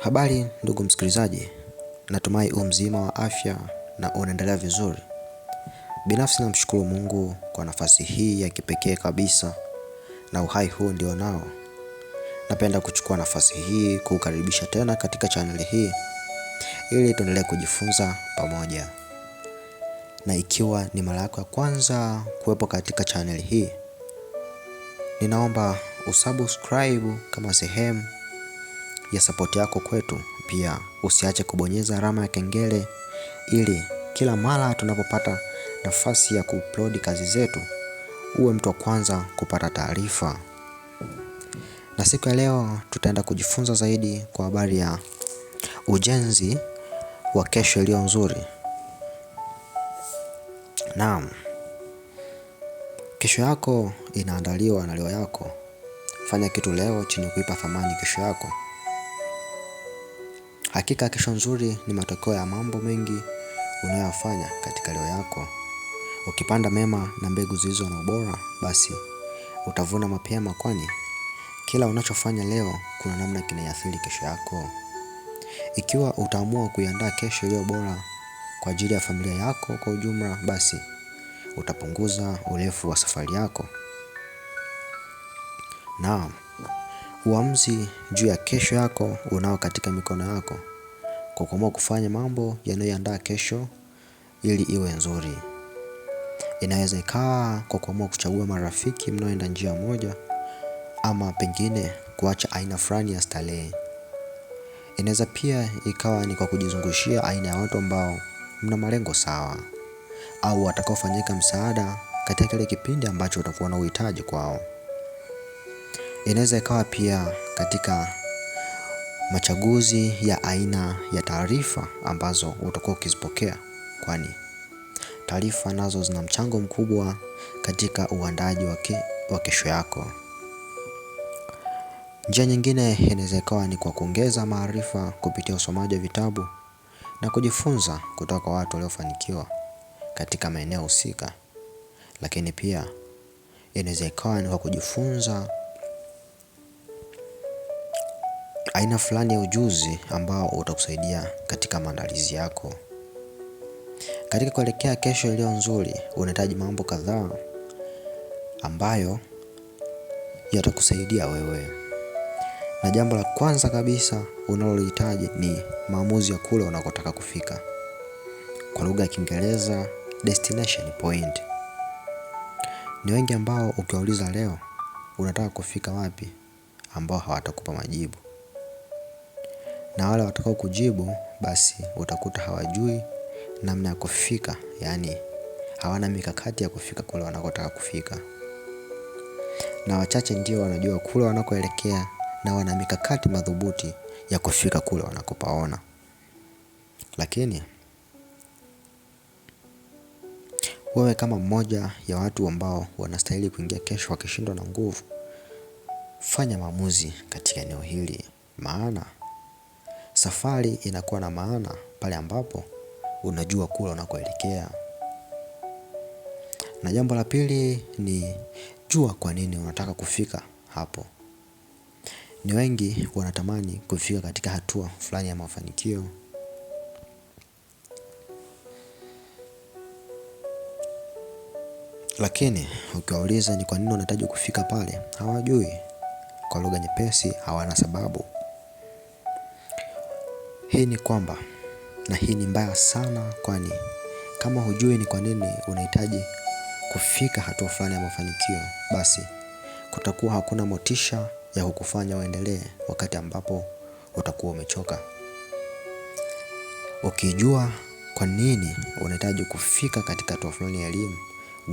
Habari ndugu msikilizaji, natumai u mzima wa afya na unaendelea vizuri. Binafsi namshukuru Mungu kwa nafasi hii ya kipekee kabisa na uhai huu ndio nao. Napenda kuchukua nafasi hii kukaribisha tena katika chaneli hii ili tuendelee kujifunza pamoja, na ikiwa ni mara yako ya kwanza kuwepo katika chaneli hii, ninaomba usubscribe kama sehemu ya sapoti yako kwetu. Pia usiache kubonyeza alama ya kengele ili kila mara tunapopata nafasi ya kuupload kazi zetu uwe mtu wa kwanza kupata taarifa. Na siku ya leo tutaenda kujifunza zaidi kwa habari ya ujenzi wa kesho iliyo nzuri. Naam, kesho yako inaandaliwa na leo yako. Fanya kitu leo chenye kuipa thamani kesho yako. Hakika kesho nzuri ni matokeo ya mambo mengi unayofanya katika leo yako. Ukipanda mema na mbegu zilizo na ubora, basi utavuna mapema, kwani kila unachofanya leo kuna namna kinaiathiri kesho yako. Ikiwa utaamua kuiandaa kesho iliyo bora kwa ajili ya familia yako kwa ujumla, basi utapunguza urefu wa safari yako. Naam. Uamuzi juu ya kesho yako unao katika mikono yako kwa kuamua kufanya mambo yanayoandaa kesho ili iwe nzuri. Inaweza ikawa kwa kuamua kuchagua marafiki mnaoenda njia moja ama pengine kuacha aina fulani ya starehe. Inaweza pia ikawa ni kwa kujizungushia aina ya watu ambao mna malengo sawa au watakaofanyika msaada katika kile kipindi ambacho utakuwa na uhitaji kwao. Inaweza ikawa pia katika machaguzi ya aina ya taarifa ambazo utakuwa ukizipokea, kwani taarifa nazo zina mchango mkubwa katika uandaji wa kesho yako. Njia nyingine inaweza ikawa ni kwa kuongeza maarifa kupitia usomaji wa vitabu na kujifunza kutoka kwa watu waliofanikiwa katika maeneo husika, lakini pia inaweza ikawa ni kwa kujifunza aina fulani ya ujuzi ambao utakusaidia katika maandalizi yako. Katika kuelekea kesho iliyo nzuri, unahitaji mambo kadhaa ambayo yatakusaidia wewe. Na jambo la kwanza kabisa unalohitaji ni maamuzi ya kule unakotaka kufika. Kwa lugha ya Kiingereza, destination point. Ni wengi ambao ukiwauliza leo unataka kufika wapi, ambao hawatakupa majibu na wale watakao kujibu basi utakuta hawajui namna ya kufika yaani hawana mikakati ya kufika kule wanakotaka kufika. Na wachache ndio wanajua kule wanakoelekea na wana mikakati madhubuti ya kufika kule wanakopaona. Lakini wewe kama mmoja ya watu ambao wanastahili kuingia kesho wakishindwa na nguvu. Fanya maamuzi katika eneo hili maana Safari inakuwa na maana pale ambapo unajua kule unakoelekea. Na jambo la pili ni jua kwa nini unataka kufika hapo. Ni wengi wanatamani kufika katika hatua fulani ya mafanikio. Lakini ukiwauliza ni kwa nini unahitaji kufika pale, hawajui. Kwa lugha nyepesi hawana sababu. Hii ni kwamba na hii ni mbaya sana kwani kama hujui ni kwa nini unahitaji kufika hatua fulani ya mafanikio, basi kutakuwa hakuna motisha ya kukufanya uendelee wakati ambapo utakuwa umechoka. Ukijua kwa nini unahitaji kufika katika hatua fulani ya elimu,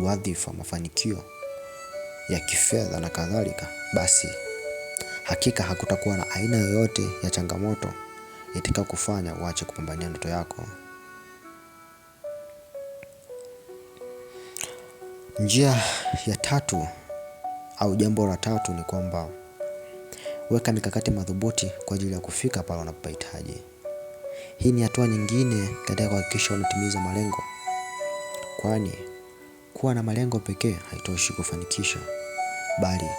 wadhifa, mafanikio ya kifedha na kadhalika, basi hakika hakutakuwa na aina yoyote ya changamoto itika kufanya uache kupambania ndoto yako. Njia ya tatu au jambo la tatu ni kwamba weka mikakati madhubuti kwa ajili ya kufika pale unapohitaji. Hii ni hatua nyingine katika kuhakikisha unatimiza malengo, kwani kuwa na malengo pekee haitoshi kufanikisha, bali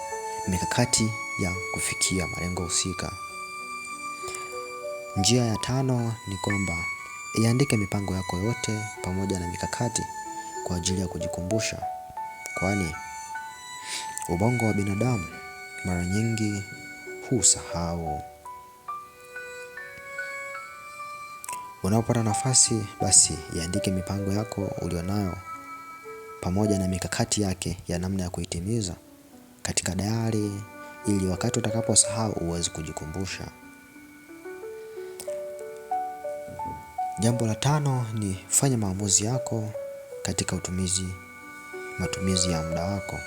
mikakati ya kufikia malengo husika Njia ya tano ni kwamba iandike mipango yako yote pamoja na mikakati kwa ajili ya kujikumbusha, kwani ubongo wa binadamu mara nyingi husahau. Unapopata nafasi, basi iandike mipango yako ulionayo pamoja na mikakati yake ya namna ya kuitimiza katika dayari ili wakati utakaposahau uweze kujikumbusha. Jambo la tano ni fanya maamuzi yako katika utumizi matumizi ya muda wako.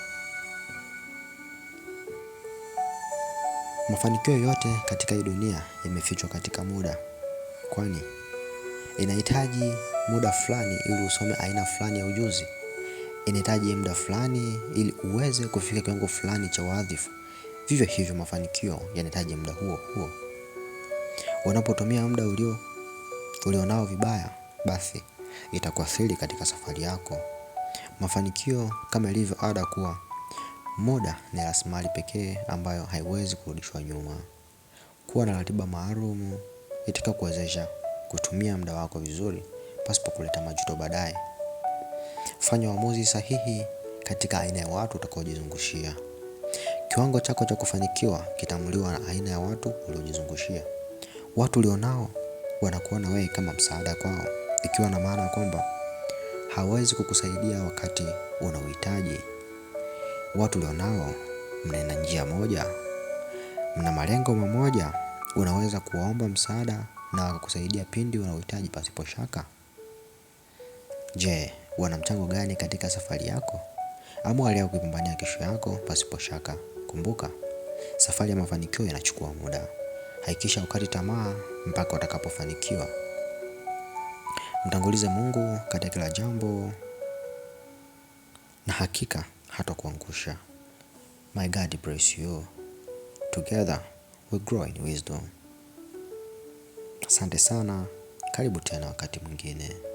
Mafanikio yote katika hii dunia yamefichwa katika muda, kwani inahitaji muda fulani ili usome aina fulani ya ujuzi, inahitaji muda fulani ili uweze kufika kiwango fulani cha wadhifa. Vivyo hivyo, mafanikio yanahitaji muda huo huo. Unapotumia muda ulio ulionao vibaya, basi siri katika safari yako. Mafanikio kama ilivyo ada kuwa muda ni rasilimali pekee ambayo haiwezi kurudishwa nyuma. Kuwa na ratiba maalum itakayokuwezesha kutumia muda wako vizuri pasipo kuleta majuto baadaye. Fanya uamuzi sahihi katika aina ya watu utakaojizungushia. Kiwango chako cha kufanikiwa kitamliwa na aina ya watu uliojizungushia. Watu ulionao wanakuona wewe kama msaada kwao, ikiwa na maana kwamba hawezi kukusaidia wakati una uhitaji. Watu ulionao mnaenda njia moja, mna malengo mamoja, unaweza kuwaomba msaada na wakakusaidia pindi unaohitaji pasipo shaka. Je, wana mchango gani katika safari yako ama wale kuipambania kesho yako pasipo shaka? Kumbuka, safari ya mafanikio inachukua muda. Hakikisha ukati tamaa mpaka utakapofanikiwa. Mtangulize Mungu katika kila jambo na hakika hatakuangusha. My God bless you. Together we grow in wisdom. Asante sana. Karibu tena wakati mwingine.